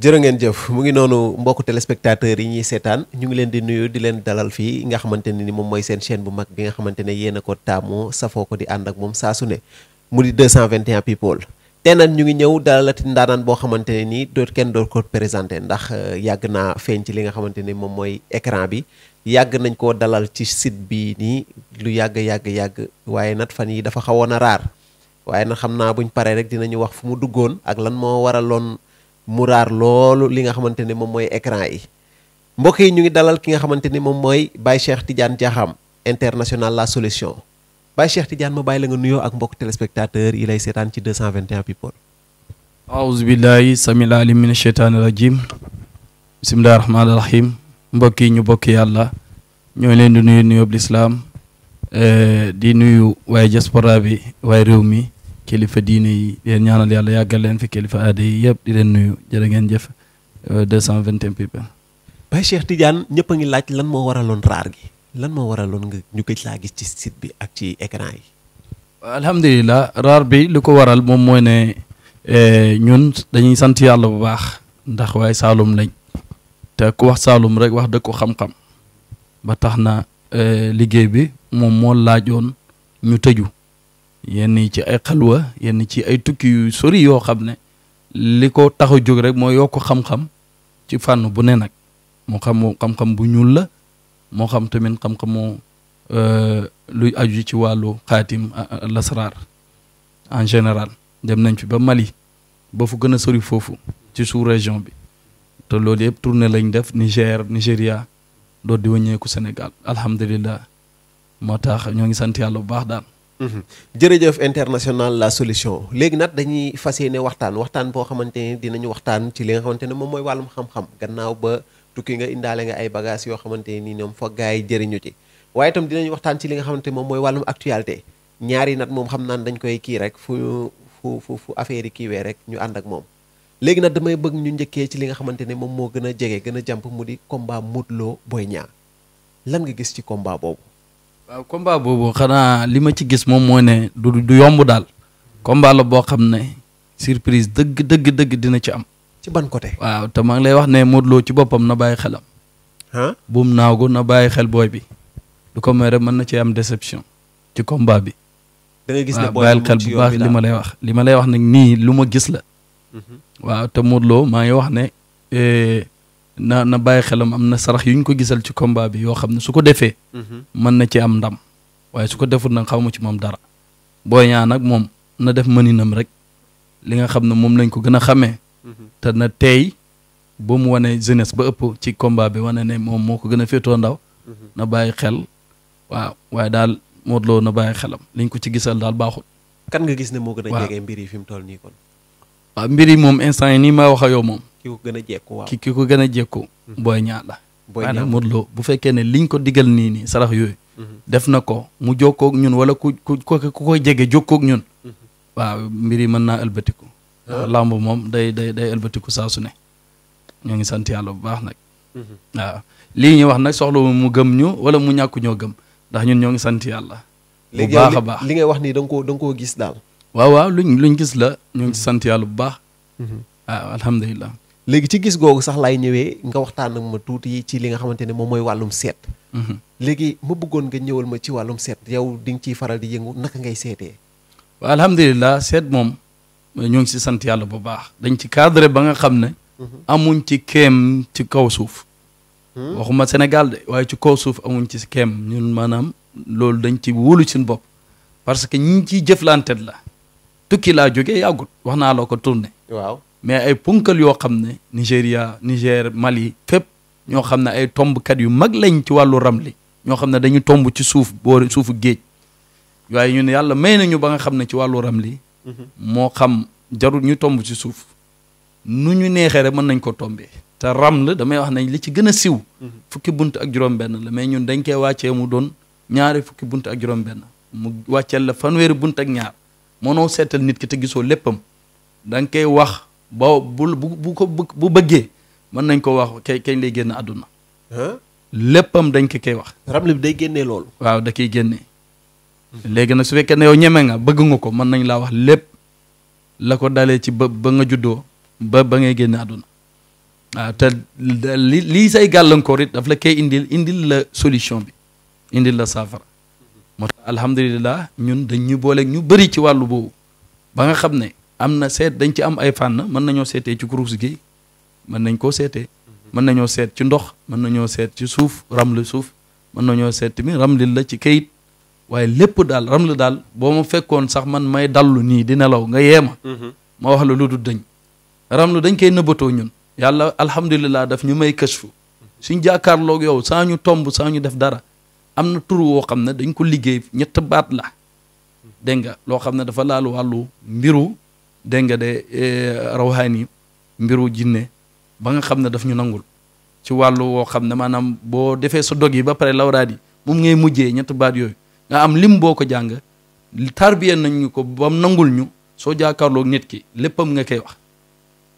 jërë ngeen jëf mu ngi noonu mbokku téléspectateurs yi ñuy seetaan ñu ngi leen di nuyu di leen dalal fii nga xamante ne ni moom mooy seen chaîne bu mag bi nga xamante ne yéen a ko taamu safoo ko di ànd ak moom saa su ne mu di 221 people. tey nag ñu ngi ñëw ti ndaanaan boo xamante ne nii doot kenn doot ko présenté ndax euh, yàgg naa feeñ ci li nga xamante ne moom mooy écran bi yàgg nañ koo dalal ci site bi nii lu yàgg yàgg yàgg waaye nag fan yi dafa xawoon a raar waaye nag xam naa buñ paree rek dinañu wax fu mu duggoon ak lan moo waraloon. mu raar loolu li nga xamante ne moom mooy écran yi mbokk yi ñu ngi dalal ki nga xamante ni moom mooy Baye Cheikh Tidiane Diakham international la solution Baye Cheikh Tidiane ma bàyyi la nga nuyoo ak mbokk téléspectateur yi lay seetaan ci 221 people. aouzu billahi samil alim min cheytaani rajim bisimilahi rahmaani rahim mbokk yi ñu bokk yàlla ñoo leen di nuyu nuyoob lislaam eh, di nuyu waaye diaspora bi waaye réew mi. kilifa diine yi di leen ñaanal yàlla yàggal leen fi kilifa aada yi yëpp di leen nuyu jërë ngeen jëf 221 people. Baye Cheikh Tidiane ñëpp a ngi laaj lan moo waraloon raar gi lan moo loon nga ñu ko laa gis ci sit bi ak ci écran yi. alhamdulilah raar bi li ko waral moom mooy ne eh, ñun dañuy sant yàlla bu baax ndax waaye Saalum lañ te ku wax Saalum rek wax dëkku xam-xam ba tax na eh, liggéey bi moom moo laajoon ñu tëju. yenn yi ci ay xalwa yenn ci ay tukki yu sori yoo xam ne li ko tax a jóg rek mooy yokk xam-xam ci fànn bu ne nag moo xam xam bu ñuul la moo xam tamit xam-xamu euh, luy aju ci wàllu xaatim lasraar en général dem nañ fi ba Mali ba fu gën sori foofu ci sous région bi te lool yëpp tournée lañ def Niger Nigéria doot di wëññeeku Sénégal alhamdulillah moo tax ñoo ngi sant yàlla bu baax daal Mhm. jërëjëf international la solution léegi nag dañuy fas yéene waxtaan waxtaan boo xamante ni dinañu waxtaan ci li nga xamante ne moom mooy wàllum xam gannaaw ba tukki nga indaale nga ay bagages yoo xamante ni ñoom foog gars yi jëriñu ci waaye itam dinañu waxtaan ci nga xamante moom mooy wàllum actualité ñaari nat moom xam naan dañ koy kii rek fu fu fu fu affaire yi kiiwee rek ñu ànd ak moom léegi nag damay bëgg ñu njëkkee ci li nga xamante ne moom moo gën a jege gën a jàmp mu di combat Modou Lo Boy Niang lan nga gis ci combat boobu waaw combat boobu xanaa li ma ci gis moom moo ne du du yomb daal combat la boo xam ne surprise dëgg dëgg dëgg dina ci am. ci ban côté. waaw te maa ngi lay wax ne Modou Lo ci boppam na bàyyi xelam. ah buum naagu na bàyyi xel booy bi. du ko may rek mën na cee am déception ci combat bi. da ngay gis ne booy xel bu baax li ma lay wax li ma lay wax nag nii lu ma gis la. Mhm. waaw te Modou Lo maa ngi wax ne. Eh, na na bàyyi xelam am na sarax yu ñu ko gisal ci combat bi yoo xam ne su ko defee. Mhm. mën na ci am ndam waaye su ko deful nag xaw ma ci moom dara. boo Niang nag moom na def mëninam rek li nga xam ne moom lañ ko gën a xamee. Mhm. te na tey boo mu wane jeunesse ba ëpp ci combat bi wane ne moom moo ko gën a féetoo ndaw. Mhm. na bàyyi xel waaw waaye daal Modou loo na bàyyi xelam liñ ko ci gisal daal baaxul. kan nga gis ne moo gën a jege mbir yi fi mu toll nii kon. waaw moom instant yi ki ko a jekku waaw ki gën a jekku mhm. booy ñaar la maanaam Modou Lo bu fekkee ne liñ ko digal nii nii sarax yooyu mhm. def na ko mu jokkoog ñun wala ku ku ku koy jege jokkook ñun mhm. waaw mbir yi mën naa ëlbatiku ah. lamb moom day day day ëlbatiku saa su ne ñoo ngi sant yàlla bu baax nag waaw lii ñuy wax nag soxla mu gëm ñu wala mu ñàkk ñoo gëm ndax ñun ñoo ngi sant yàlla bu baax a baax li ngay wax nii da koo da koo gis daal waaw luñ gis la ñoo ngi sant yàlla bu baax waaw léegi ci gis googu sax laay ñëwee nga waxtaan ak ma tuuti ci li nga xamante ne moom mooy wàllum seet. Mhm. léegi ma bëggoon nga ñëwal ma ci wàllum seet yow di nga ciy faral di yëngu naka ngay seetee. waaw alhamdulilah seet moom ñoo ngi si sant yàlla bu baax dañ ci cadre ba nga xam ne. Mhm. amuñ ci keem ci kaw suuf. Hmm? waxuma senegal de waaye ci kaw suuf amuñ ci keem ñun maanaam loolu dañ ci wóolu suñu bopp parce que ñi ciy jëflante la tukki laa jógee yàggut wax naa la ko tourné. mais ay punkal yoo xam ne Nigéria Niger Mali fépp ñoo xam ne ay tombkat yu mag lañ ci wàllu ramli ñoo xam ne dañu tomb ci suuf boori suufu géej waaye ñu yàlla may nañu ba nga xam ne ci wàllu ramli mm-hmm. moo xam jarul tomb ci suuf nu ñu neexee rek mën nañ ko tombee te raml damay wax nañ li ci gën a siw mm-hmm. fukki bunt ak juróom benn la mais ñun dañ koy wàccee mu doon ñaari fukki bunt ak juróom benn mu wàcceel la fanweeri bunt ak ñaar mënoo seetal nit ki te gisoo léppam da nga koy wax boo bu bu ko bu bëggee mën nañ ko wax kay kañ lay génn àdduna léppam dañ ko koy wax ramli bi day génnee loolu waaw da koy génnee hmm. léegi nag su fekkee ne yow ñemee nga bëgg nga ko mën nañ laa wax lépp la ko dalee ci ba ba nga juddoo ba ba ngay génne àdduna waaw ah, te li lii say gàllankoor it daf la koy indil indil la solution bi indil la saafara hmm. moo tax ñun dañ ñu booleeg ñu bëri ci wàllu boobu ba nga xam ne am na seet dañ ci am ay fànn mën nañoo seetee ci kurus gi mën nañ koo seetee mhm. mën nañoo seet ci ndox mën nañoo seet ci suuf ramlu suuf mën nañoo seet tamit ramlil la ci kayit waaye lépp daal ramlu daal boo ma fekkoon sax man may dallu nii di nelaw nga yee ma mhm. ma wax la lu dul dañ ramlu dañ koy nëbbatoo ñun yàlla alhamdulillah daf ñu may kashfu mhm. suñ jàkkaarloog yow saa ñu tomb saa ñu def dara am na tur woo xam ne dañ ko liggéey ñett baat la dégg nga loo xam ne dafa laal wàllu mbiru dégg nga de eh, rawhaani mbiru jinne ba nga xam ne daf ñu nangul ci wàllu woo xam ne maanaam boo defee sa dog yi ba pare lawraat yi moom ngay mujjee ñett baat yooyu nga am lim boo ko jàng tarbiya nañ ñu ko bam nangul ñu soo jàkkaarloog nit ki léppam nga koy wax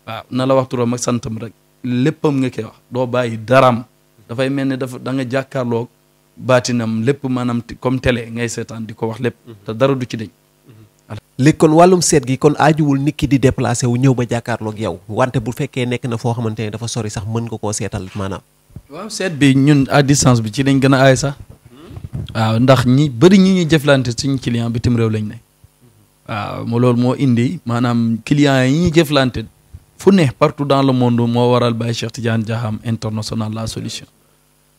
waaw na la waxturam ak santam rek léppam nga koy wax doo bàyyi daram dafay mel ne dafa da nga jàkkaarloog baatinam lépp maanaam comme télé ngay seetaan di ko wax lépp mm-hmm. te dara du ci deñ léegi kon seet gi kon aajuwul nit ki di déplacé wu ñëw ba jàkkaarloog yow bu fekkee nekk na foo xamante ne dafa sori sax mën nga koo seetal maanaam. waaw seet bi ñun à bi ci lañ gën a aay sax waaw ndax ñi bëri ñi ñuy jëflante suñu client bitim réew lañ ne waaw loolu moo indi maanaam client yi ñuy jëflante fu ne partout dans le monde moo waral Baye Cheikh Tidiane Diaham international la solution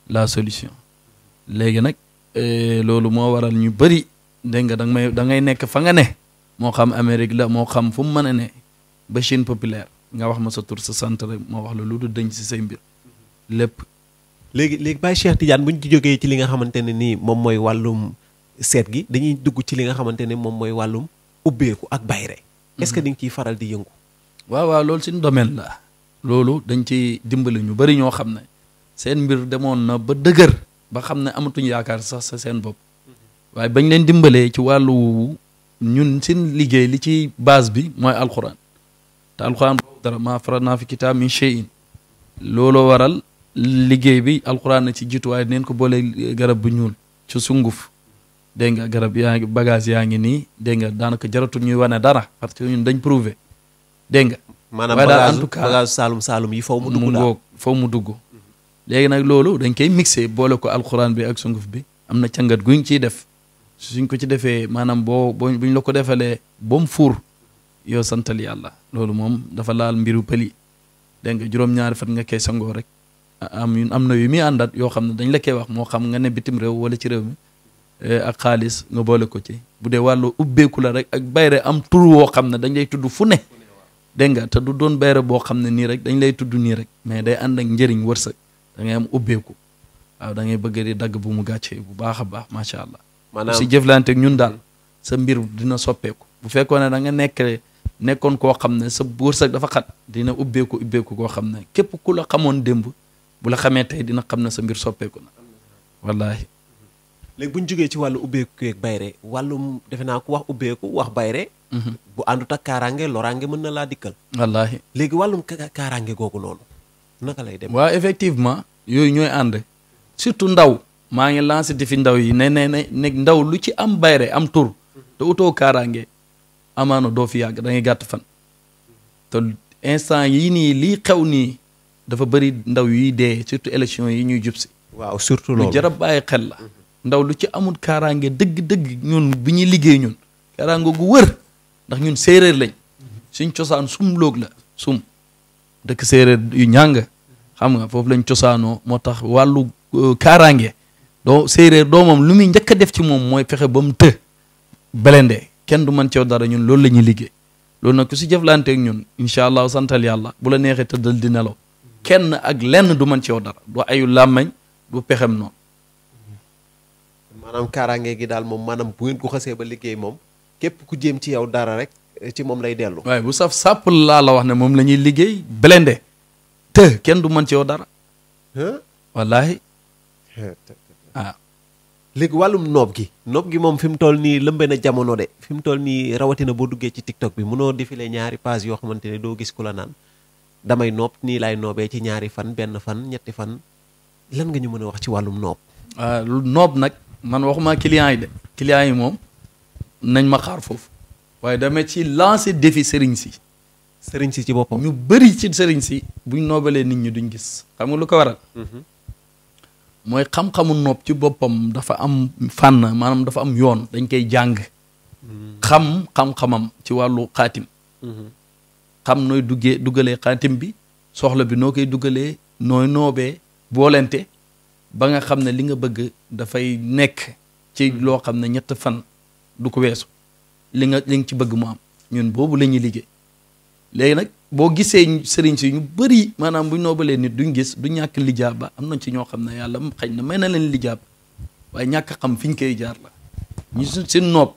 la solution léegi nag eh, loolu moo waral ñu bëri dégg nga da da ngay nekk fa nga ne. moo xam Amérique la moo xam fu mu mën a ne ba Chine populaire nga wax ma sa tur sa sant rek ma wax la lu du dëñ si say mbir lépp. léegi léegi Baye Cheikh Tidiane bu ñu ci jógee ci li nga xamante ne nii moom mooy wàllum seet gi dañuy dugg ci li nga xamante ne moom mooy wàllum ubbeeku ak bayre est-ce que mm-hmm. di nga ciy faral di yëngu. waaw loolu suñu domaine la. loolu dañ ci dimbali ñu bari ñoo xam ne seen mbir demoon na ba dëgër ba xam ne amatuñ yaakaar sax sa seen bopp mm-hmm. waaye bañ leen dimbalee ci wàllu ñun seen liggéey li ci base bi mooy alxuraan te alxuraan boobu dara maa faratnaa fi kitaab min shay'in looloo waral liggéey bi alxuraan na ci jiitu waaye neen ko boole garab bu ñuul ci sunguf dégg nga garab yaa ngi bagage yaa ngi nii dégg nga daanaka jaratul ñuy wane dara parce que ñun dañ prouvé dégg nga. maanaam bagage bagage saalum saalum yi faw mu dugg daal faw mu dugg. léegi nag loolu dañ koy mixé boole ko alxuraan bi ak sunguf bi am na cangat guñ ci def. suñ ko ci defee maanaam boo boo buñ la ko defalee ba mu fuur yow santal yàlla loolu moom dafa laal mbiru pëli dégg nga juróom-ñaari fan nga koy sangoo rek am ñun am na yu muy àndaat yoo xam ne dañ la koy wax moo xam na ne bitim réew wala ci réew mi eh, ak xaalis boole ko ci bu dee wàllu ubbeeku la rek ak bayre am tur woo xam ne dañ lay tudd fu ne dégg nga te du doon bayre boo xam ne nii rek dañ lay tudd nii rek mais day ànd ak njëriñ wërsëg da am ubbeeku waaw da ngay bëgg di dagg bu mu gàccee bu baax a baax macha allah maanaam si jëflanteeg ñun daal sa mbir dina soppeeku bu fekkoon ne da nga nekk nekkoon koo xam ne sa wërsëg dafa xat dina ubbeeku ubbeeku koo xam ne képp ku la xamoon démb bu la xamee tey dina xam ne sa mbir soppeeku na wallaahi léegi bu jógee ci wàllu ubbeeku yeeg bayre wàllum defe naa ku wax ubbeeku wax bayre mhm. bu àndut ak kaaraange mën na laa dikkal wallaahi léegi wàllum kaaraange googu loolu naka lay dem waaw effectivement yooyu ñooy ànd surtout ndaw maa ngi lancé ti ndaw yi ne ne ne ndaw lu ci am bayre am tur te utoo kaaraange amaano doo fi yàgg da gàtt fan te instant yii nii lii xew nii dafa bëri ndaw yuy dee surtout élection yi ñuy jub si waaw surtout loolu lu jar a bàyyi ndaw lu ci amul kaaraange dëgg-dëgg ñun bi ñuy liggéey ñun kaaraange gu wër ndax ñun séeréer lañ suñ cosaan sum loog la sum dëkk séeréer yu ñàng xam nga foofu lañ cosaanoo moo tax wàllu euh, kaaraange doo séeréer doomam lu muy njëkk a def ci moom mooy fexe ba mu të belende kenn du man ceew dara ñun loolu la ñuy liggéey loolu nag ku si jëflanteeg ñun incha allah santal yàlla bu la neexee tëddal di nelaw kenn ak lenn du man ceew dara du ayu làmmañ du pexem noonu maanaam kaaraange gi daal moom maanaam bu ngeen ko xasee ba liggéey moom képp ku jéem ci yow dara rek eh, ci moom lay dellu waaye bu saf sàpp laa la wax ne moom la ñuy liggéey belende të kenn du man ceew dara wallaahi ah léegi wàllum noob gi noob gi moom fi mu toll nii lëmbe na jamono de fi mu toll nii rawatina boo duggee ci tiktok bi mënoo défilé ñaari page yoo xamante ne doo gis ku la naan damay noob nii laay noobee ci ñaari fan benn fan ñetti fan lan nga ñu mën a wax ci wàllum noob. Ah, noob nag man waxuma client yi de client yi moom nañ ma xaar foofu waaye dama ci lancer défi sëriñ si. sëriñ si ci boppam ñu bëri ci sëriñ si buñ noobalee nit ñi duñ gis xam nga lu ko waral. Mm-hmm. mooy xam-xamu nopp ci boppam dafa am fànn maanaam dafa am yoon dañ koy jàng mm-hmm. xam xam-xamam ci wàllu xaatim mm-hmm. xam nooy duggee duggalee xaatim bi soxla bi noo koy duggalee nooy noobee boolente ba nga xam ne li nga bëgg dafay nekk ci mm-hmm. loo xam ne ñett fan du ko weesu li nga li nga ci bëgg mu am ñun boobu la ñuy liggéey léegi nag boo gisee sëriñ si ñu bëri maanaam buñ noobalee nit duñ gis du ñàkk lijaaba am nañ ci ñoo xam ne yàlla xëy na may na leen lijaab waaye ñàkk xam fi ñu koy jaar la ñu seen noob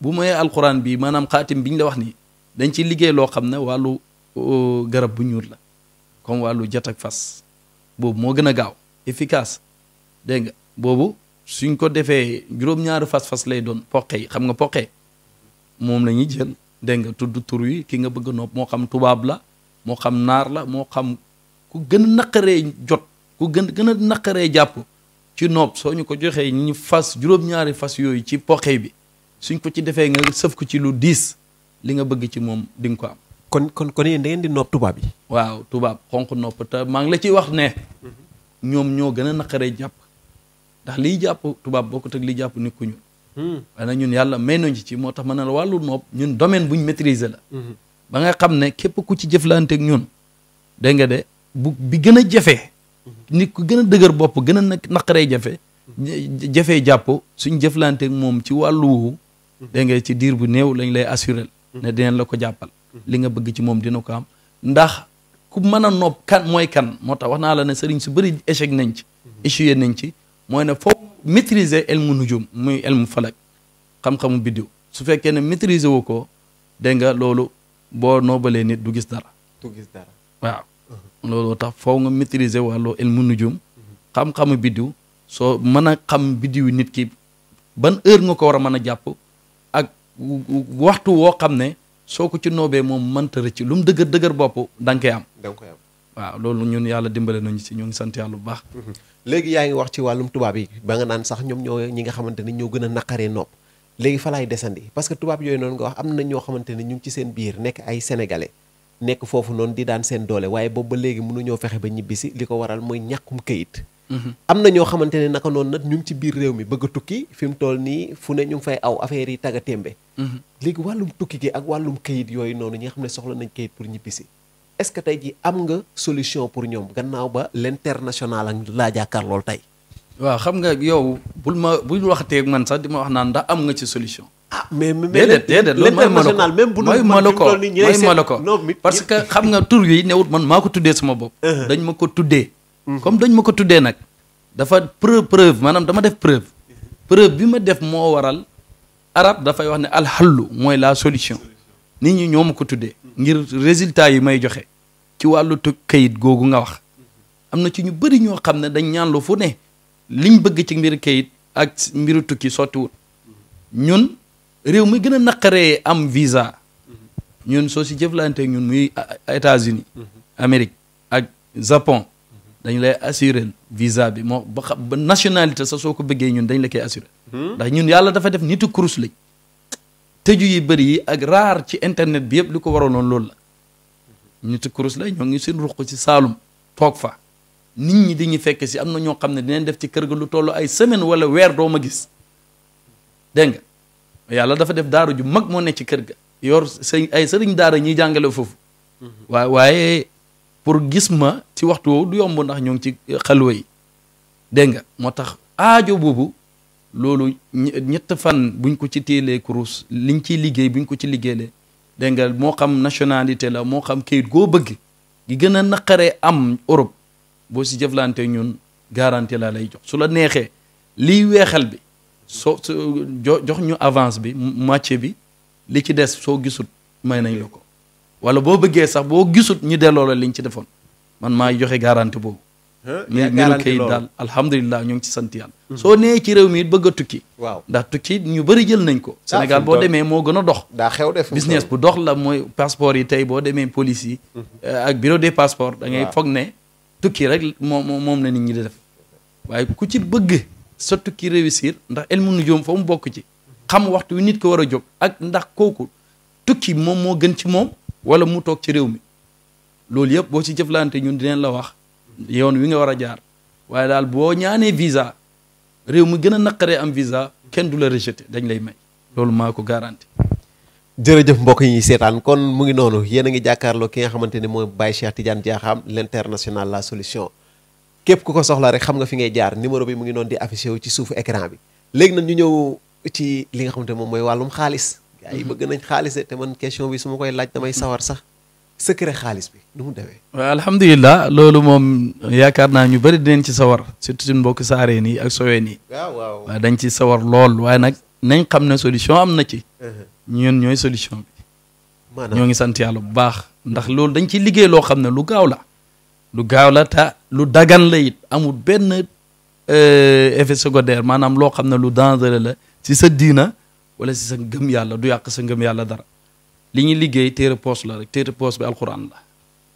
bu mayee alxuraan bi maanaam xaatim biñ la wax ni dañ ci liggéey loo xam ne wàllu garab bu ñuul la comme wàllu jat ak fas boobu moo gën a gaaw efficace dégg nga boobu suñ ko defee juróom fas-fas lay doon poqe yi xam nga poqe moom la ñuy jël dégg nga tudd tur yi ki nga bëgg a nopp moo xam tubaab la moo xam naar la moo xam ku gën a naqaree jot ku gën gën a naqaree jàpp ci nopp soo ñu ko joxee ñu fas juróom-ñaari fas yooyu ci poqe bi suñ ko ci defee nga sëf ko ci lu diis li nga bëgg ci moom di ko am. kon kon kon yéen da ngeen di nopp tubaab yi. waaw tubaab xonq nopp te maa ngi la ciy wax ne. Mhm. ñoom ñoo gën a naqaree jàpp ndax liy jàpp tubaab boo ko teg liy jàpp nit ku ñuul waaye nag ñun yàlla may nañ ci moo tax ma ne la wàllu noob ñun domaine buñ maîtriser la mhm. ba nga xam ne képp ku ci jëflanteeg ñun dégg nga de bu bi gën a jafee mhm. nit ku gën a dëgër bopp gën a naqaree jafe mhm. jafee jàpp suñ jëflanteeg moom ci wàllu wu dégg nga ci diir bu néew lañ lay assuré ne dinañ la ko jàppal li nga bëgg ci moom dina ko am ndax ku mën a nopp kan mooy kan moo tax wax naa la ne sëriñ su bëri échec nañ ci échoué nañ ci mooy ne foofu maîtriser ilmu nujum muy ilmu falak xam-xamu biddiw su fekkee ne maîtriser wu ko dégg nga loolu boo noobalee nit du gis dara. du gis dara mhm. tax foo nga maîtriser wàllu ilmu nujum mhm. xam-xamu biddiw soo mën a xam biddiw nit ki ban heure nga ko war a mën a jàpp ak waxtu woo xam ne soo ko ci noobee moom mënta rëcc lu mu dëgër dëgër bopp da nga am. koy am. waaw loolu ñun yàlla dimbale nañu ci ñoo ngi sant yàlla bu baax. Mhm. léegi yaa ngi wax ci wàllum tubaab yi ba nga naan sax ñoom ñoo ñi nga xamante ni ñoo gën a naqaree nopp léegi fa laay desandi parce que tubaab yooyu noonu nga wax am na ñoo xamante ne ñu ngi ci seen biir nekk ay sénégalais nekk foofu noonu di daan seen doole waaye boobu ba léegi mënuñoo fexe ba ñibbisi li ko waral mooy ñàkkum këyit. Mhm. am na ñoo xamante ne naka noonu nag ñu ngi ci biir réew mi bëgg tukki fi mu toll nii fu ne ñu fay aw affaire yi tagga témbe mhm. léegi wàllum tukki gi ak wàllum këyit yooyu noonu ñi nga xam ne soxla nañ këyit pour ñibbisi est-ce que tey ji am nga solution pour ñoom gannaaw ba l'international ak laa jàkkaar lool tey. waaw xam nga yow bul ma bul waxatee man sax di ma wax naan ndax am nga ci solution. ah mais mais déedéet déedéet loolu mooy l'international même bu dul man fi ma la ko parce que xam nga tur yi newut man maa ko tuddee sama bopp. Uh-huh. dañ ma ko tuddee. Mm-hmm. comme dañ ma ko tuddee nag. dafa preuve preuve maanaam dama def preuve. preuve bi ma def moo waral. arab dafay wax ne alxallu mooy la solution. nit ñi ñoo ma ko tuddee. ngir résultat yi may joxe ci wàllu tu kayit googu nga wax am na ci ñu bëri ñoo xam ne dañ ñaan lu fu ne liñ bëgg ci mbir kayit ak mbiru tukki sottiwut ñun réew mi gën a naqaree am visa ñun soo si jëflante ñun muy États-Unis Amérique ak Japon dañ lay assuré visa bi moo ba xam ba nationalité sax ko bëggee ñun dañ la koy assuré hmm? ndax ñun yàlla dafa def nitu kurus lañ tëju yi bëri yi ak raar ci internet bi yëpp li ko waraloon loolu la ñu te kurus la ñoo ngi seen ruq ci Saalum toog fa nit ñi dañuy fekk si am na ñoo xam ne dinañ def ci kër ga lu toll ay semaine wala weer doo gis dégg nga yàlla dafa def daara ju mag moo nekk ci kër ga yor sëñ ay sëriñ daara ñuy jàngale foofu mm-hmm. waaye waaye pour gis ma ci waxtu woowu du yomb ndax ñoo ngi ci xalwa yi dégg nga moo tax aajo boobu loolu ñett fan buñ ko ci téelee kurus liñ ciy liggéey buñ ko ci liggéeyee dégg nga moo xam nationalité la moo xam kayit goo bëgg gi gën a naqaree am Europe boo si jëflante ñun garantie laa lay jox su la neexee liy weexal bi soo jox ñu avance bi moitié bi li ci des soo gisut may nañ la ko wala boo bëggee sax boo gisut ñu delloo la liñ ci defoon man maa joxe garantie boobu. yaakaar naa kayit daal alhamdulilah ñu ngi ci sant yàlla. soo nee ci réew mi it bëgg tukki. waaw ndax tukki ñu bëri jël nañ ko. Sénégal boo demee moo gën a dox. daa xew def business bu dox la mooy passeport yi tey boo demee police yi. Mm-hmm. Eh, ak bureau des passeports. da ngay foog ne tukki rek moom moom la nit ñi da def. waaye ku ci bëgg sa tukki réussir ndax elmu nujoom fa mu bokk ci. xam waxtu wi nit ko war a jóg ak ndax kooku tukki moom moo gën ci moom wala mu toog ci réew mi loolu yëpp boo ci jëflante ñun dinañ la wax. yoon wi nga war a jaar waaye daal boo ñaanee visa réew mu gën a naqaree am visa kenn du la rejeté dañ lay may loolu maa ko garanti. jërëjëf mbokk yi seetaan kon mu ngi noonu yéen a ngi jàkkaarloo ki nga xamante ne mooy Baye Cheikh Tidiane Diakham l'international la solution képp ku ko soxla rek xam nga fi ngay jaar numéro bi mu ngi noonu di affiché wu ci suufu écran bi léegi nag ñu ñëw ci li nga xamante moom mooy wàllum xaalis. gars yi bëgg nañ xaalis te man question bi su koy laaj damay sawar sax. secret xaalis bi nu mu demee. waaw loolu moom yaakaar naa ñu bëri dinañ ci sawar surtout suñu mbokk saareen yi ak soween yi. waaw dañ ci sawar lool waaye nag nañ xam ne solution am na ci. Uh-huh. ñun ñooy solution bi. maanaam ñoo ngi sant yàlla bu baax ndax loolu dañ ci liggéey loo xam ne lu gaaw la. lu gaaw la ta lu dagan la it amul benn euh, effet secondaire maanaam loo xam ne lu dangereux la si sa diina wala si sa ngëm yàlla du yàq sa ngëm yàlla dara. li ñuy liggéey téere poos la rek téere poos bi alxuraan la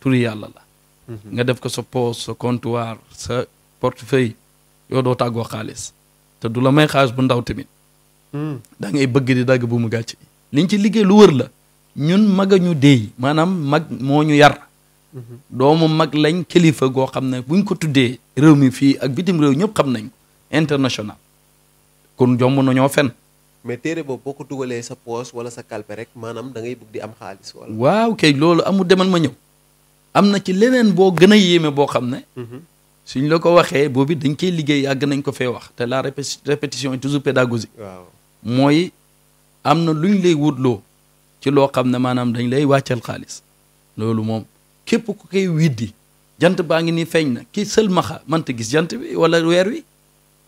turi yàlla la mhm. nga def ko sa poos sa comptoir sa portefeuille yoo doo tàggoo xaalis te du la may xaalis bu ndaw tamit mhm. da ngay bëgg di dagg bu mu gàcc liñ ci liggéey lu wër la ñun mag ñu déey maanaam mag moo ñu yar mhm. doomu mag lañ kilifa goo xam ne buñ ko tuddee réew mi fii ak bitim réew ñëpp xam nañ ko international kon jomb na ñoo fen mais téere boobu boo ko dugalee sa poos wala sa kalpe rek maanaam dangay ngay bëgg di am xaalis wala. waaw kay loolu amul demal ma ñëw am na ci leneen boo gën a yéeme boo xam ne. Mhm. suñ la ko waxee boobu dañ koy liggéey yàgg nañ ko fee wax te la répétition est toujours pédagogique. mooy am na lu luñ lay wutloo ci loo xam ne maanaam dañ lay wàccal xaalis loolu moom képp ku koy widdi jant baa ngi nii feeñ na ki sëlmaxa mënta gis jant bi wala weer wi.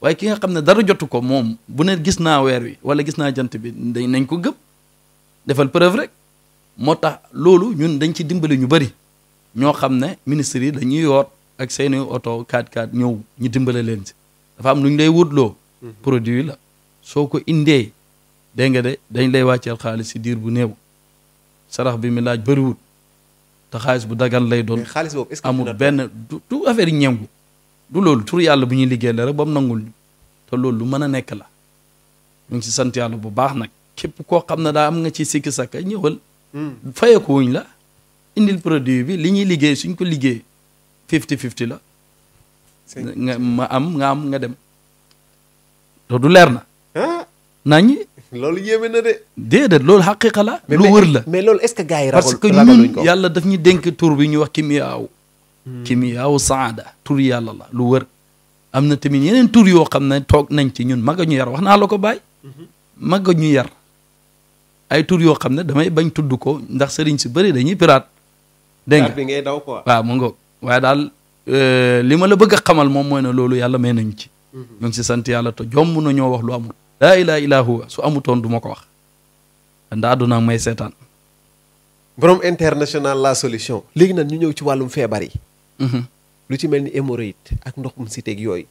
waaye ki nga xam ne dara jotu ko moom bu ne gis naa weer wi wala gis naa jant bi dañ nañ ko gëm defal preuve rek moo tax loolu ñun dañ ci dimbale ñu bari ñoo xam ne ministres yi dañuy yoot ak seeni oto 4x4 ñëw ñu dimbale leen si dafa am lu ñu lay wutloo mhm. produit la soo ko indee dégg nga de dañ lay wàcceel xaalis si diir bu néew sarax bi mi laaj bëriwut te xaalis bu dagan lay doon amul benn du affaire yi ñengu du loolu tur yàlla bu ñuy liggéey la rek ba mu nangul te loolu lu mën a nekk la ñu ngi ci sant yàlla bu baax nag képp koo xam ne daa am nga ci sikki sakka ñëwal hmm. fayeku wuñ la indil produit bi li ñuy liggéey suñ ko liggéey fifty fifty la nga ma am nga am nga dem te du leer na ah. nañ loolu yéeme na de déedéet lool xaqiqa la lu wër la mais loolu est-ce yi parce que ñun yàlla daf ñu dénk tur bi ñu wax kimiyaaw hmm. kimiyaaw saada tur yàlla la lu wër am na tamit yeneen tur yoo xam ne toog nañ ci ñun magga ñu yar wax naa la ko baay magga ñu yar ay tur yoo xam ne damay bañ tudd ko ndax sëriñ si bëri dañuy piraat dégg nga bi ngay daw quoi waaw mu ngoog waaye daal euh, li ma la bëgg a xamal moom mooy na loolu yàlla may nañu ci mhm. ñu si sant yàlla to jomb na ñoo wax lu amul laa ilaha illa su amutoon du ma ko wax ndaa addunaa may seetaan borom international la solution léegi nag ñu ñëw ci wàllum feebar yi mhm. lu ci mel ni hémorroïde ak ndox mu siteeg yooyu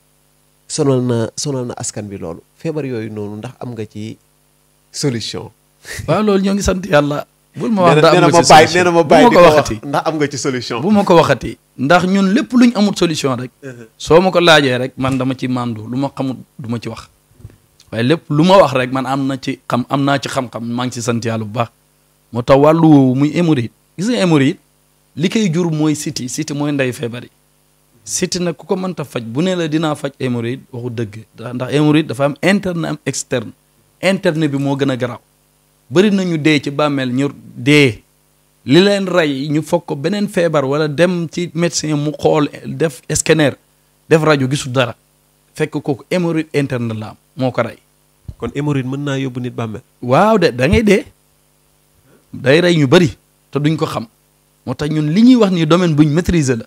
sonal na sonal na askan bi loolu feebar yooyu noonu ndax am nga ci solution. waaw loolu ñoo ngi sant yàlla. bul ma wax nee na ma bàyyi bàyyi ko wax ndax am nga ci solution. bu ma ko waxati ndax ñun lépp luñ amut solution rek. Uh-huh. soo ma ko laajee rek man dama ci màndu lu ma xamut du ci wax. waaye lépp lu ma wax rek man am na ci xam am naa ci xam-xam maa ngi ci sant yàlla bu baax. moo tax wàllu woowu muy hémorroïde gis nga hémorroïde li koy jur mooy siti siti mooy nday feebar yi siti nag ku ko mënta faj bu nee la dinaa faj hémorroïde waxu dëgg ndax hémorroïde dafa am interne am externe interne bi moo gën a garaaw bëri nañu dee ci bàmmeel ñu dee li leen rey ñu foog ko beneen feebar wala dem ci médecin mu xool def scanner def rajo gisul dara fekk kooku hémorroïde interne la am moo ko rey kon hémorroïde mën naa yóbbu nit bàmmeel waaw de da ngay dee day rey ñu bëri te duñ ko xam moo tax ñun li ñuy wax nii domaine buñ maîtriser la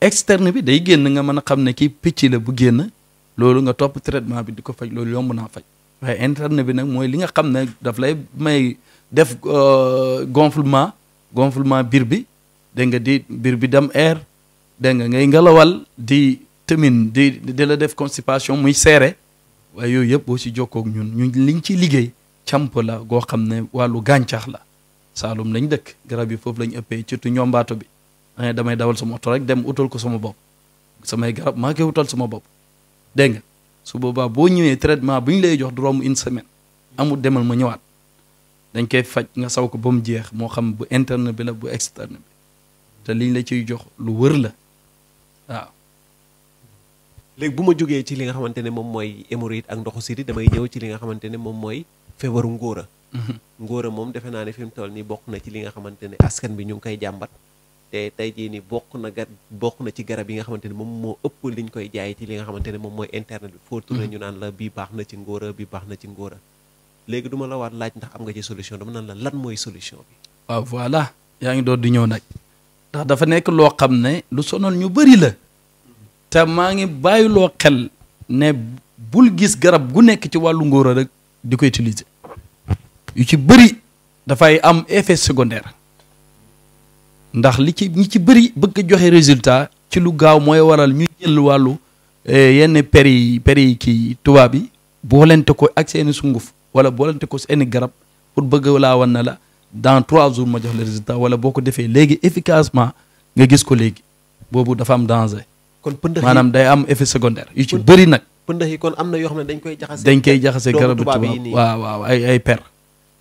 externe bi day génn nga mën a xam ne kii picc la bu génn loolu nga topp traitement bi di ko faj loolu yomb naa faj waaye interne bi nag mooy li nga xam ne daf lay may def euh, gonflement gonflement biir bi dégg nga di biir bi dem air dégg nga ngay ngelawal di tamit di di def constipation muy seere waaye yooyu yëpp boo si jokkook ñun ñun liñ ci liggéey camp la goo xam ne wàllu gàncax la saalum lañ dëkk garab yi foofu lañ ëppee surtout ñombaato bi Eh, damay dawal sama oto rek dem utal ko sama bopp samay garab maa koy utal sama bopp dégg nga su boobaa boo ñëwee traitement bu ñu lay jox du romb une semaine amul demal ma ñëwaat dañ koy faj nga saw ko ba mu jeex moo xam bu interne bi la bu externe bi te liñ la ciy jox lu wër la waaw. léegi bu ma jógee ci li nga xamante ne moom mooy hémorroïde ak ndoxu siti damay ñëw ci li nga xamante ne moom mooy feebaru ngóora. Mhm. ngóora moom defe naa ne fi mu toll nii bokk na ci li nga xamante ne askan bi ñu koy jàmbat. te tey jii ni bokk na ga bokk na ci garab yi nga xamante ne moom moo ëpp liñ koy jaay ci li nga xamante ne moom mooy internet bi foo tourné mhm. ñu naan la bi baax na ci ngóora bii baax na ci ngóora léegi duma la waat laaj ndax am nga ci solution dama naan la lan mooy solution bi waaw voilà yaa ngi doon di ñëw nag ndax dafa nekk loo xam ne lu sonal ñu bëri la te maa ngi bàyyi loo xel ne bul gis garab gu nekk ci wàllu ngóora rek di ko utiliser yu ci bëri dafay am effet secondaire ndax li ci ñi ci bëri bëgg a joxe résultat ci lu gaaw mooy waral ñu jël wàllu eh, yenn per yi per yi kii tubaab yi boolente ko ak seeni sunguf wala boolente ko si seeni garab pour bëgg laa wan na la dans trois jours ma jox le résultat wala boo ko defee léegi efficacement nga gis ko léegi boobu dafa am danger. kon pëndax yi maanaam day am effet secondaire yu ci bëri nag. pëndax yi kon am na yoo xam ne dañ koy jaxase. dañ koy jaxase garabu tubaab yi waaw waaw ay ay per.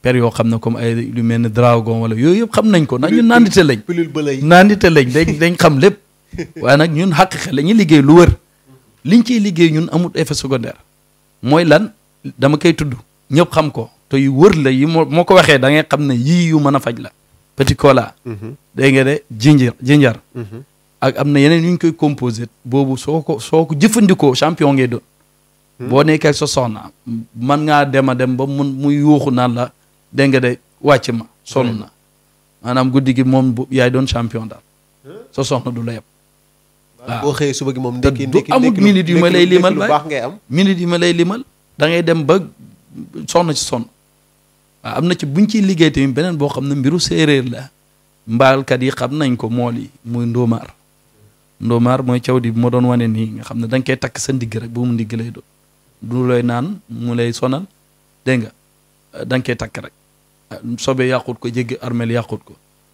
per yoo xam ne comme lu mel ne dragon wala yooyu yëpp xam nañ ko ndax ñun naandite lañ naandite lañ dañ dañ xam lépp waaye nag ñun xàq la ñuy liggéey lu wër liñ ciy liggéey ñun amul effet secondaire mooy lan dama koy tudd ñëpp xam ko te yu wër la yi moo ko waxee da ngay xam ne yii yu mën a faj la petit cola mhm. dégg nga de jinjir jinjar mhm. am na yeneen yu ñu koy composé boobu soo ko soo ko jëfandikoo champion ngay doon mhm. boo nekkee sa soxna man ngaa dem a dem mu mun la dégg nga de wàcc ma sonn hmm. na maanaam guddi gi moom bu yaay doon champion daal hmm? sa soxna du la yab. waaw boo xëyee moom ndekki ndekki amul minute yu ma lay limal lu ngay am minute yu ma lay limal da dem ba sonn ci sonn waaw am na ci buñ ciy liggéey tamit beneen boo xam ne mbiru séeréer la mbaalkat yi xam nañ ko mool yi muy ndóomaar ndóomaar mooy caw di bi ma doon wane nii nga xam ne da nga koy takk sa ndigg rek bu mu ndigg lay doon du looy naan mu lay sonal dégg da takk rek ah, sobe yàqut ko jéggi armel yàqut ko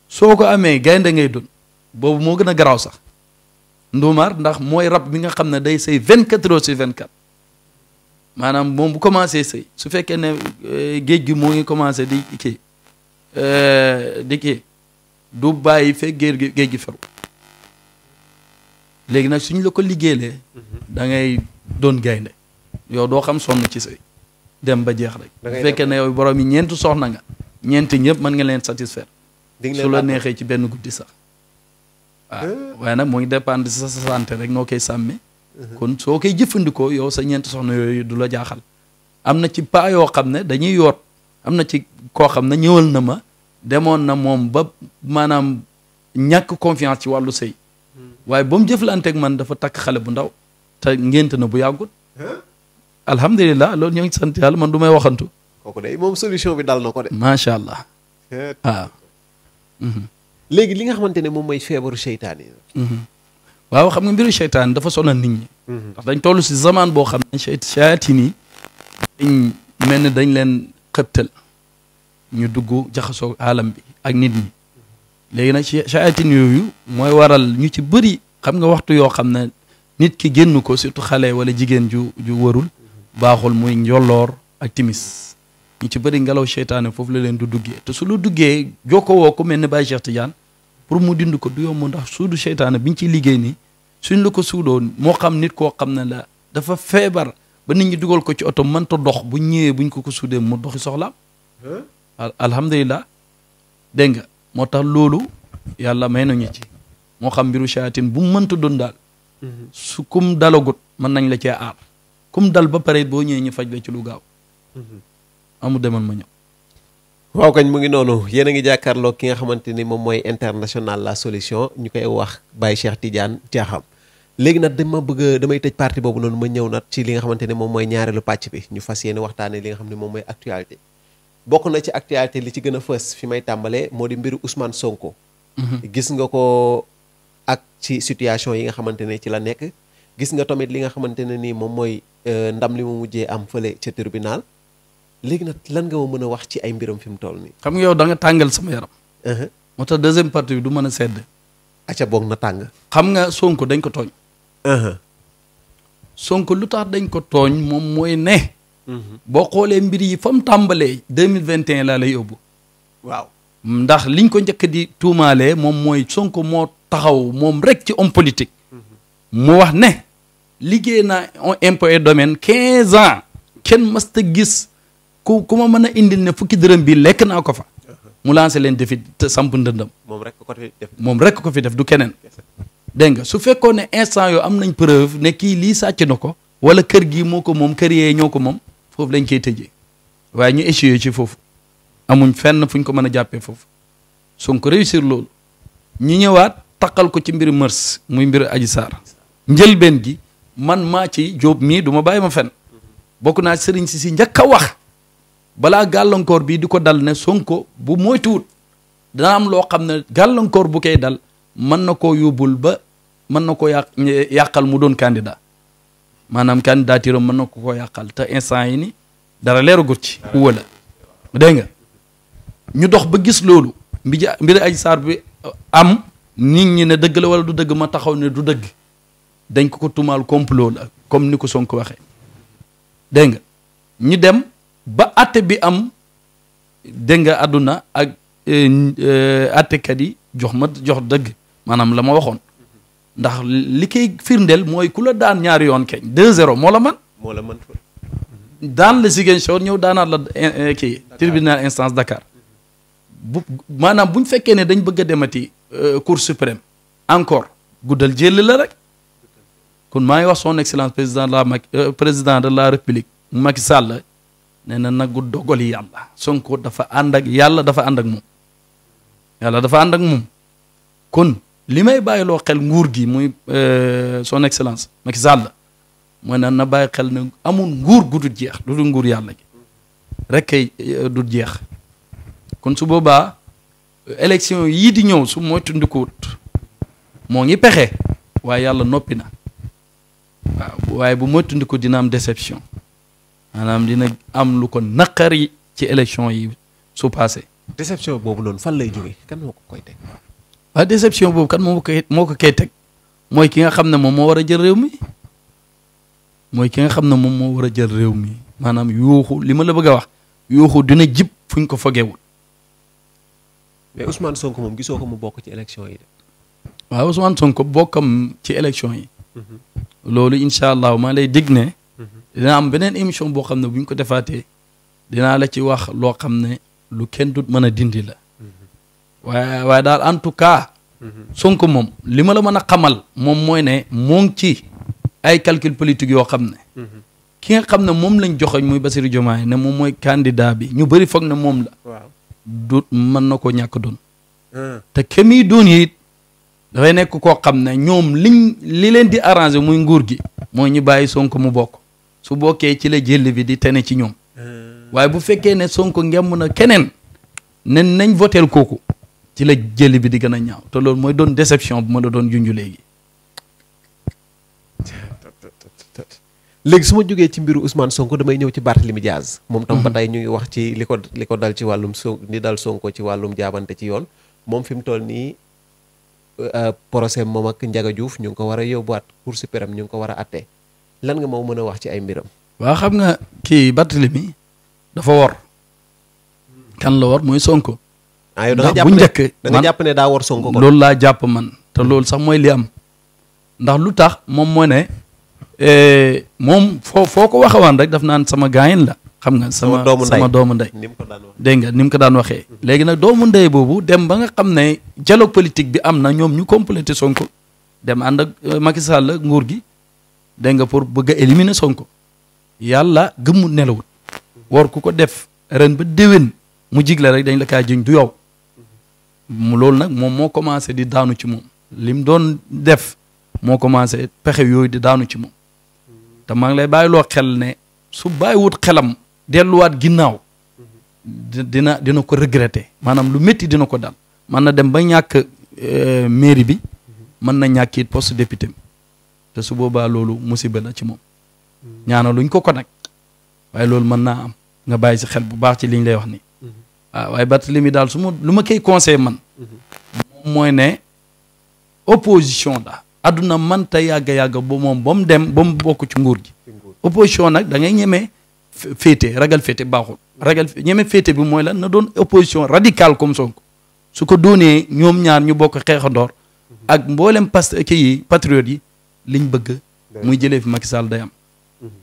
soo ko amee gaynde ngay doon boobu moo gën a garaaw sax nduumaar ndax mooy rab bi nga xam ne day sëy vingt quatre heures sur maanaam moom bu commencé sëy su fekkee ne eh, géej gi moo ngi commencé di kii eh, di kii du bàyyi fekk géej gi feru léegi nag suñ la ko liggéeylee mm-hmm. da ngay doon gaynde yow doo xam sonn ci sëy dem ba jeex rek. bu fekkee ne yow borom yi ñeenti soxna nga. ñeenti ñëpp mën nga leen satisfaire. su la neexee ci benn guddi sax. waaw waaye nag mu ngi dépendre sa santé rek noo koy sàmmee. kon soo koy jëfandikoo yow sa ñeenti soxna yooyu du la jaaxal. am na ci paa yoo xam ne dañuy yoot am na ci koo xam ne ñëwal na ma demoon na moom ba maanaam ñàkk confiance ci wàllu sëy waaye ba mu jëflanteeg man dafa takk xale bu ndaw te ngént na bu yàggut alhamdulilah loolu ñoo ngi sant yàlla man du may waxantu. kooku day moom solution bi dal ko de. macha allah. waaw. Mhm. léegi li nga xamante ne moom mooy feebaru seytaane mhm. waaw xam nga mbiru seytaane dafa sonal nit ñi. Mhm. dañ toll si zaman boo xam ne seytaane yi dañ mel ne dañ leen xëptal ñu dugg jaxasoo alam bi ak nit ñi. léegi nag seytaane yooyu mooy waral ñu ci bëri xam nga waxtu yoo xam ne nit ki génn ko surtout xale wala jigéen ju ju warul. baaxul muy njolloor ak timis ñu ci bëri ngelaw seytaane foofu la leen du duggee te su lu duggee jokkoo woo ko mel ni Baye Cheikh Tidiane pour mu dind ko du yomb ndax suudu seytaane bi ciy liggéey nii suñ la ko suudoo moo xam nit koo xam ne la dafa feebar ba nit ñi dugal ko ci oto mënta dox bu ñëwee buñ ko ko suudee mu doxi soxla alhamdulilah dégg nga moo tax loolu yàlla may nañu ci moo xam mbiru seytaane bu mu mënta doon daal mhm. su kum dalagut mën nañ la cee aar comme dal ba pare boo ñëwee ñu faj la ci lu gaaw. Mhm. amu demal ma ñëw. waaw kañ mu ngi noonu yéen a ngi jàkkaarloo ki nga xamante ni moom mooy international la solution ñu koy wax cheex Cheikh Tidiane xam léegi nag dama bëgg damay tëj partie boobu noonu ma ñëw nag ci li nga xamante ne moom mooy ñaareelu pàcc bi ñu fas yéene waxtaane li nga xam ne moom mooy actualité bokk na ci actualité li ci gën a fës fi may tàmbalee moo di mbiru Ousmane Sonko. Mhm. gis nga ko ak ci situation yi nga xamante ne ci la nekk. gis nga tamit li nga xamante ne nii moom mooy euh, ndam li mu mujjee am fële ca tribunal léegi nag lan nga ma mën a wax ci ay mbiram fi mu toll nii. xam nga yow danga tàngal sama yaram. Uh-huh. moo tax partie du mën a sedd. acca boog na tàng. xam nga Sonko dañ ko tooñ. Uh-huh. Sonko lu tax dañ ko tooñ moom mooy ne. Uh-huh. boo xoolee mbir yi fa tàmbalee. deux mille vingt et laa lay yóbbu. waaw ndax liñ ko njëkk di tuumaalee moom mooy Sonko moo taxaw moom rek ci homme politique. mu wax ne liggéey naa impôt et domaine quinze ans kenn mësta gis ku ku ma mën a indil ne fukki dërëm bi lekk naa ko fa mu lancé leen défi te samp ndëndam moom rek ko fi def ko fi def du keneen dégg nga su fekkoon ne instant yoo am nañ preuve ne kii lii sàcc na ko wala kër gii moo ko moom kër yee ñëw ko moom foofu lañ koy tëjee waaye ñu échoué ci foofu amuñ fenn fuñ ko mën a jàppee foofu Sonko réussir loolu ñu ñëwaat taqal ko ci mbir mërs muy mbir aj saar njëlbeen gi man maa ci jóob mii du ma bàyyi ma fen bokk naa sëriñ si si njëkk a wax balaa gàllankoor bii di ko dal ne Sonko bu moytuwut dana am loo xam ne gàllankoor bu koy dal mën na ko yóbbul ba mën na ko yàq mu doon candidat maanaam candidature mën na ko ko yàqal te instant yi ni dara leer leeragut ci wala dégg nga ñu dox ba gis loolu mbi mbiri Adji bi am nit ñi ne dëgg la wala du dëgg ma taxaw ne du dëgg dañ ko ko tumaal complot la comme ni ko Sonko waxee dégg nga ñu dem ba atte bi am dégg nga àdduna ak eh, eh, attekat yi jox ma jox dëgg maanaam la ma waxoon ndax li koy firndeel mooy ku la daan ñaari yoon keñ 2-0 moo la man moo la man daan la Ziguinchor ñëw daanaat la eh, kii tribunal instance Dakar bu maanaam bu ñu fekkee ne dañ bëgg a demati cour suprême encore guddal jël la rek kon maa ngi wax son excellence président de la Macky euh, président de la république Macky Sall nee na nagu dogal yàlla Sonko dafa ànd ak yàlla dafa ànd ak moom yàlla dafa ànd ak moom kon li may loo xel nguur gi muy euh, son excellence Macky Sall mooy naan na bàyyi xel ne amul nguur gu dul jeex lu nguur yàlla gi rek euh, du jeex kon su boobaa élection yii di ñëw su mooy tundikuwut moo ngi pexe waaye yàlla noppi na waaw waaye bu moytandiku dina am déception maanaam dina am lu ko naqari ci élection yi su passé. déception boobu noonu fan lay jógee kan moo ko koy teg. waaw déception boobu kan moo ko moo ko koy teg mooy ki nga xam ne moom moo war a jël mi mooy ki nga xam ne moom moo war a jël réew mi maanaam yuuxu li ma la bëgg a wax yuuxu dina jib fuñ ko fogewul. mais Ousmane ko moom gisoo ko mu bokk ci élection yi de. waaw Ousmane Sonko bokkam ci élection yi loolu incha allah maa lay dig ne. dina am beneen émission boo xam ne bu ko defaatee dinaa la ci wax loo xam ne lu kenn dut mën a dindi la. waaye waaye daal en tout cas. Sonko moom li ma la mën a xamal moom mooy ne moo ci ay calcul politique yoo xam ne. ki nga xam ne moom lañ joxoñ muy Bassirou Diomaye ne moom mooy candidat bi ñu bëri foog ne moom la. waaw du mën na koo ñàkk doon. te ke muy dafay nekk koo xam ne ñoom liñ li leen di arrangé muy nguur gi mooy ñu bàyyi Sonko mu bokk su bokkee ci la jëll bi di tene ci ñoom eh. waaye bu fekkee ne Sonko ngemm na keneen nen nañ voteel kooku ci la jël bi di gën a ñaaw te loolu mooy doon déception bu ma la doon junj léegi. léegi su ma jógee ci mbiru Ousmane Sonko damay ñëw ci Barthélemy Diaz moom tam ba mm-hmm. tey ñu wax ci li ko li ko dal ci wàllum so li dal Sonko ci wàllum jaabante ci yoon moom fi mu toll nii Euh, euh, procès moom ak Ndiaga Diouf ñu ngi ko war a yóbbuwaat Cour suprême ñu ngi ko war a lan nga moo mën a wax ci ay mbiram. waa xam nga kii Barthélemy dafa wor. kan la wor mooy sonk ah yow da njëkk da nga daa wor Sonko laa jàpp man te loolu sax mooy li am ndax lu tax moom moo ne eh, moom foo foo ko waxawaan rek daf naan sama gaayin la. xam nga sama sama doomu ndey dégg nga ni mu ko daan waxee léegi nag doomu ndey boobu dem ba nga xam ne dialogue politique bi am na ñoom ñu complété Sonko dem ànd ak euh, Macky Sall la nguur gi dégg nga pour bëgg a éliminer Sonko yàlla gëmmu nelawut war ku ko def ren ba déwén mu jigle rek dañ la kaa jiñ du yow mu nag moom moo commencé di daanu ci moom li mu doon def moo commencé pexe yooyu di daanu ci moom te maa ngi lay bàyyi loo xel ne su bàyyiwut xelam delluwaat ginnaaw dina dina ko regretter maanaam lu métti dina ko dal mën na dem ba ñàkk euh, mairie bi mën na ñàkk post poste député mi te su boobaa loolu musiba la ci moom ñaana luñ ko ko nag waaye loolu mën naa am nga bàyyi si xel bu baax ci liñ lay wax waaye waaw waaye Barthélemy daal suma lu ma koy conseil man moom mooy ne opposition da adduna mënta yàgga-yàgga ba moom ba mu dem ba mu bokk ci nguur gi opposition nag da ngay féete ragal féete baaxul ragal ñeme féete bi mooy lan na doon opposition radicale comme Sonko su ko doonee ñoom ñaar ñu bokk xeexandoor ak mboolem past ki yi patriotes yi liñ bëgg muy jëlee fi mag Sall dayam mm-hmm.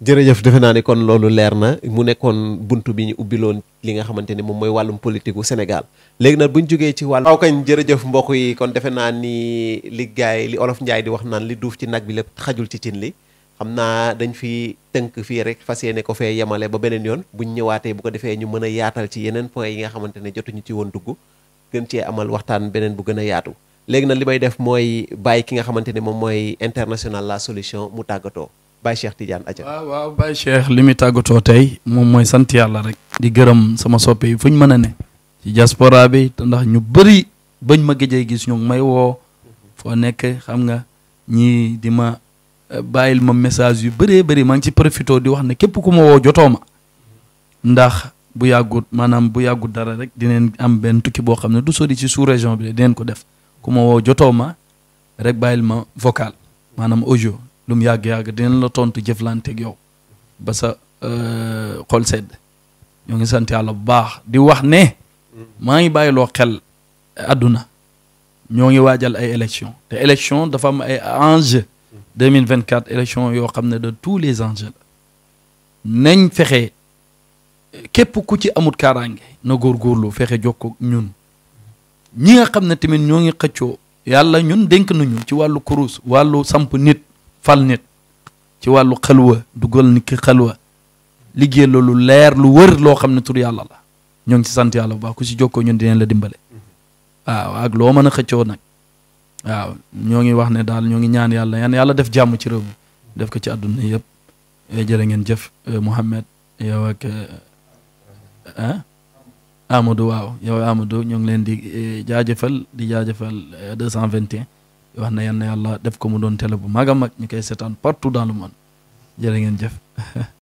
jërëjëf defe naa ne kon loolu leer na mu nekkoon bunt bi ñu ubbiloon li nga xamante ni moom mooy wàllum politique gu Sénégal léegi nag bu jógee ci wàll waaw kañ jërëjëf mbokk yi kon defe naa ni li gaay li olof Njaay di wax naan li duuf ci nag bi lépp xajul ci cin li. xam naa dañ fi tënk fii rek fas yéene ko fee yemale ba beneen yoon buñ ñëwaatee bu ko defee ñu mën a yaatal ci yeneen point yi nga xamante jotuñu ci woon dugg gën cee amal waxtaan beneen bu gën a yaatu léegi nag li may def mooy bàyyi ki nga xamante ne moom mooy international la solution mu tàggatoo Baye Cheikh Tidiane Adja. waaw waaw Baye Cheikh li muy tàggatoo tey moom mooy sant yàlla rek. di gërëm sama soppe yi fu ñu mën a ne. ci diaspora bi te ndax ñu bëri bañ ma gëjee gis ñu may woo. foo nekk xam bàyyil ma message yu bëree bëri maa ngi ci profité di wax ne képp ku ma woo jotoo ndax bu yàggut maanaam bu yàggut dara rek dineen am benn tukki boo xam ne du sori ci sous région bi dineen ko def ku ma woo jotoo ma rek bàyyil ma vocal maanaam audio lum mu yàgg-yàgg dineen la tontu jëflanteeg yow ba sa euh, xol sedd ñoo ngi sant yàlla bu baax di wax ne maa ngi bàyyiloo xel adduna ñoo ngi waajal ay élection te élection dafa ay enjeu deux mille vingt quatre élection yoo xam ne de tous les enjeux nañ fexe képp ku ci amut kaaraange na góorgóorlu fexe jokkoo ñun ñi nga xam ne tamit ñoo ngi xëccoo yàlla ñun dénk nañu ci wàllu kurus wàllu samp nit fal nit ci wàllu xalwa dugal nit ki xalwa liggéey loolu leer lu wër loo xam ne tour yàlla la ñoo ngi ci sant yàlla bu baax ku ci jokkoo ñun dinañ la dimbale mm-hmm. waaw ak loo mën a xëccoo nag waaw ñoo ngi wax ne daal ñoo ngi ñaan yàlla yan yàlla def jàmm ci réew def ko ci àdduna yëpp eh, jërë ngeen jëf eh, Mouhamed yow ak eh, ah Amadou waaw yow Amadou ñoo ngi leen di jaajëfal di jaajëfal 221 wax na yan yàlla def ko mu doon tele bu mag a mag ñu koy seetaan partout dans le man jërë ngeen jëf